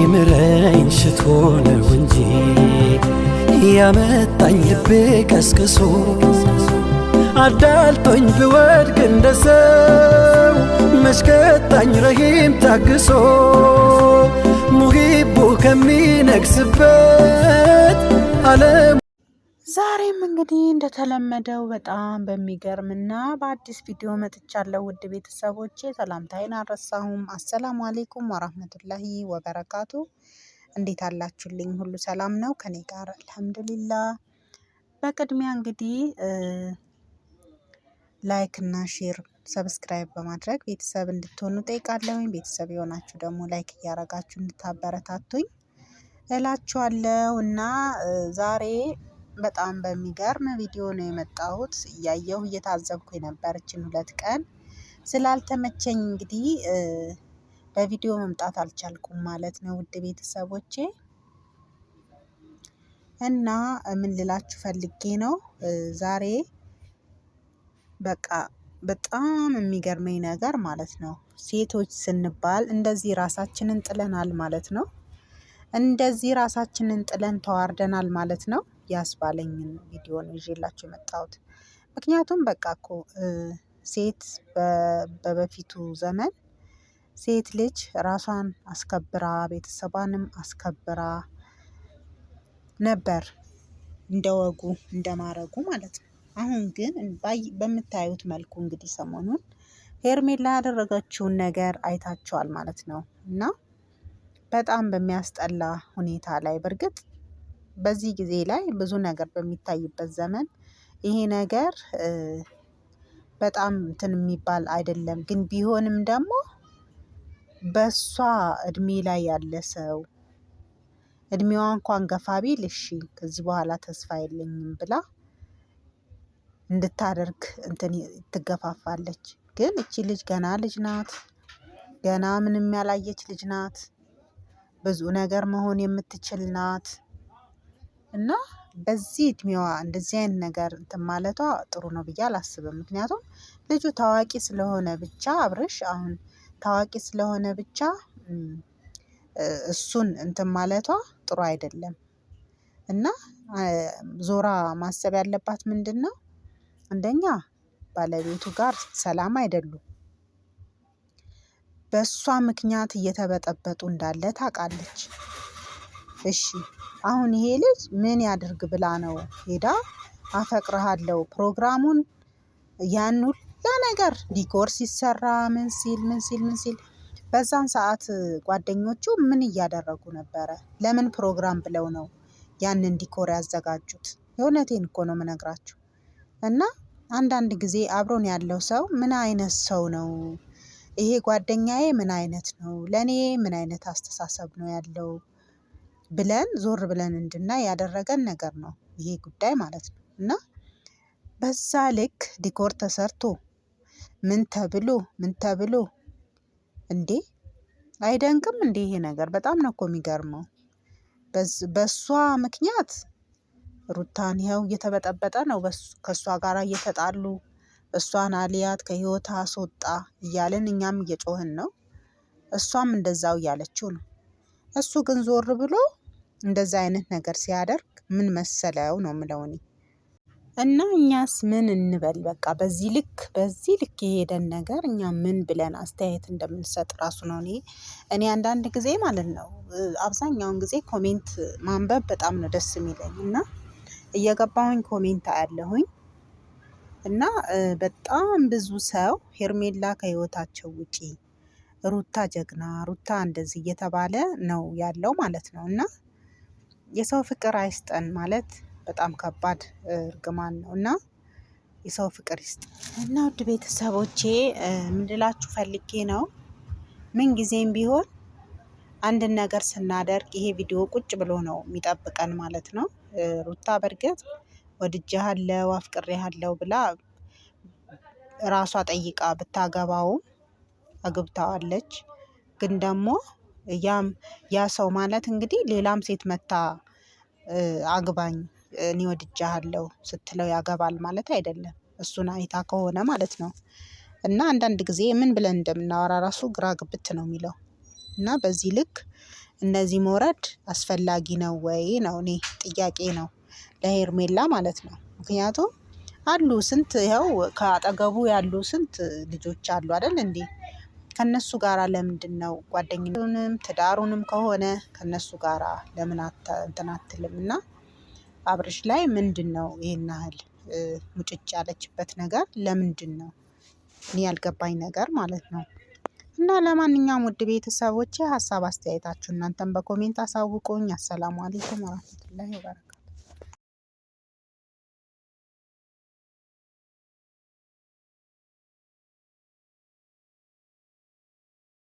ሊምረኝ ሽቶ ነው እንጂ ያመጣኝ ልቤ ቀስቅሶ አዳልጦኝ ብወድግ እንደ ሰው መሽከጣኝ ረሂም ታግሶ ሙሂቡ ከሚነግስበት ዓለም ዛሬም እንግዲህ እንደተለመደው በጣም በሚገርም እና በአዲስ ቪዲዮ መጥቻለሁ። ውድ ቤተሰቦቼ ሰላምታይን አልረሳሁም። አሰላሙ አሌይኩም ወራህመቱላሂ ወበረካቱ። እንዴት አላችሁልኝ? ሁሉ ሰላም ነው ከኔ ጋር አልሐምዱሊላ። በቅድሚያ እንግዲህ ላይክ እና ሼር ሰብስክራይብ በማድረግ ቤተሰብ እንድትሆኑ ጠይቃለሁኝ። ቤተሰብ የሆናችሁ ደግሞ ላይክ እያረጋችሁ እንድታበረታቱኝ እላችኋለሁ እና ዛሬ በጣም በሚገርም ቪዲዮ ነው የመጣሁት። እያየሁ እየታዘብኩ የነበረችን ሁለት ቀን ስላልተመቸኝ እንግዲህ በቪዲዮ መምጣት አልቻልኩም ማለት ነው ውድ ቤተሰቦቼ እና ምን ልላችሁ ፈልጌ ነው ዛሬ በቃ በጣም የሚገርመኝ ነገር ማለት ነው ሴቶች ስንባል እንደዚህ ራሳችንን ጥለናል ማለት ነው። እንደዚህ ራሳችንን ጥለን ተዋርደናል ማለት ነው። ያስባለኝን ቪዲዮ ነው ይዤላችሁ የመጣሁት። ምክንያቱም በቃ እኮ ሴት በበፊቱ ዘመን ሴት ልጅ ራሷን አስከብራ ቤተሰቧንም አስከብራ ነበር እንደ ወጉ እንደ ማረጉ ማለት ነው። አሁን ግን በምታዩት መልኩ እንግዲህ ሰሞኑን ሄርሜላ ያደረገችውን ነገር አይታችኋል ማለት ነው እና በጣም በሚያስጠላ ሁኔታ ላይ በእርግጥ በዚህ ጊዜ ላይ ብዙ ነገር በሚታይበት ዘመን ይሄ ነገር በጣም እንትን የሚባል አይደለም። ግን ቢሆንም ደግሞ በእሷ እድሜ ላይ ያለ ሰው እድሜዋ እንኳን ገፋ ቢል እሺ ከዚህ በኋላ ተስፋ የለኝም ብላ እንድታደርግ እንትን ትገፋፋለች። ግን እቺ ልጅ ገና ልጅ ናት። ገና ምንም ያላየች ልጅ ናት። ብዙ ነገር መሆን የምትችል ናት። እና በዚህ እድሜዋ እንደዚህ አይነት ነገር እንትን ማለቷ ጥሩ ነው ብዬ አላስብም። ምክንያቱም ልጁ ታዋቂ ስለሆነ ብቻ አብርሽ አሁን ታዋቂ ስለሆነ ብቻ እሱን እንትን ማለቷ ጥሩ አይደለም። እና ዞራ ማሰብ ያለባት ነው? አንደኛ ባለቤቱ ጋር ሰላም አይደሉም። በእሷ ምክንያት እየተበጠበጡ እንዳለ ታውቃለች። እሺ አሁን ይሄ ልጅ ምን ያድርግ ብላ ነው ሄዳ አፈቅርሃለሁ ፕሮግራሙን ያን ሁላ ነገር ዲኮር ሲሰራ ምን ሲል ምን ሲል ምን ሲል በዛን ሰዓት ጓደኞቹ ምን እያደረጉ ነበረ? ለምን ፕሮግራም ብለው ነው ያንን ዲኮር ያዘጋጁት? የእውነቴን እኮ ነው የምነግራችሁ። እና አንዳንድ ጊዜ አብሮን ያለው ሰው ምን አይነት ሰው ነው? ይሄ ጓደኛዬ ምን አይነት ነው? ለእኔ ምን አይነት አስተሳሰብ ነው ያለው? ብለን ዞር ብለን እንድናይ ያደረገን ነገር ነው ይሄ ጉዳይ ማለት ነው። እና በዛ ልክ ዲኮር ተሰርቶ ምን ተብሎ ምን ተብሎ እንዴ አይደንቅም እንዴ? ይሄ ነገር በጣም ነው እኮ የሚገርመው። በእሷ ምክንያት ሩታን ይኸው እየተበጠበጠ ነው፣ ከእሷ ጋር እየተጣሉ እሷን አልያት ከህይወት አስወጣ እያለን እኛም እየጮህን ነው። እሷም እንደዛው እያለችው ነው። እሱ ግን ዞር ብሎ እንደዛ አይነት ነገር ሲያደርግ ምን መሰለው ነው የምለው እኔ። እና እኛስ ምን እንበል በቃ በዚህ ልክ በዚህ ልክ የሄደን ነገር እኛ ምን ብለን አስተያየት እንደምንሰጥ ራሱ ነው እኔ እኔ አንዳንድ ጊዜ ማለት ነው አብዛኛውን ጊዜ ኮሜንት ማንበብ በጣም ነው ደስ የሚለኝ እና እየገባሁኝ ኮሜንት አያለሁኝ እና በጣም ብዙ ሰው ሄርሜላ ከህይወታቸው ውጪ ሩታ ጀግና ሩታ እንደዚህ እየተባለ ነው ያለው ማለት ነው እና የሰው ፍቅር አይስጠን ማለት በጣም ከባድ እርግማን ነው እና የሰው ፍቅር ይስጥ እና ውድ ቤተሰቦቼ ምንድላችሁ ፈልጌ ነው ምን ጊዜም ቢሆን አንድን ነገር ስናደርግ ይሄ ቪዲዮ ቁጭ ብሎ ነው የሚጠብቀን ማለት ነው። ሩታ በእርግጥ ወድጄሃለሁ አፍቅሬሃለሁ ብላ ራሷ ጠይቃ ብታገባውም አግብታዋለች ግን ደግሞ ያም ያ ሰው ማለት እንግዲህ ሌላም ሴት መታ አግባኝ እኔ ወድጄሃለሁ ስትለው ያገባል ማለት አይደለም እሱን አይታ ከሆነ ማለት ነው። እና አንዳንድ ጊዜ ምን ብለን እንደምናወራ ራሱ ግራ ግብት ነው የሚለው። እና በዚህ ልክ እነዚህ መውረድ አስፈላጊ ነው ወይ ነው እኔ ጥያቄ ነው። ለሄርሜላ ማለት ነው ምክንያቱም አሉ ስንት ይኸው ከአጠገቡ ያሉ ስንት ልጆች አሉ አይደል እንዴ ከነሱ ጋራ ለምንድን ነው ጓደኝነቱንም ትዳሩንም ከሆነ ከነሱ ጋራ ለምን እንትን አትልም? እና አብርሽ ላይ ምንድን ነው ይሄን ያህል ሙጭጭ ያለችበት ነገር ለምንድን ነው? እኔ ያልገባኝ ነገር ማለት ነው። እና ለማንኛውም ውድ ቤተሰቦች ሀሳብ አስተያየታችሁ እናንተም በኮሜንት አሳውቁኝ። አሰላሙ አሌይኩም ወራህመቱላሂ ወበረካቱ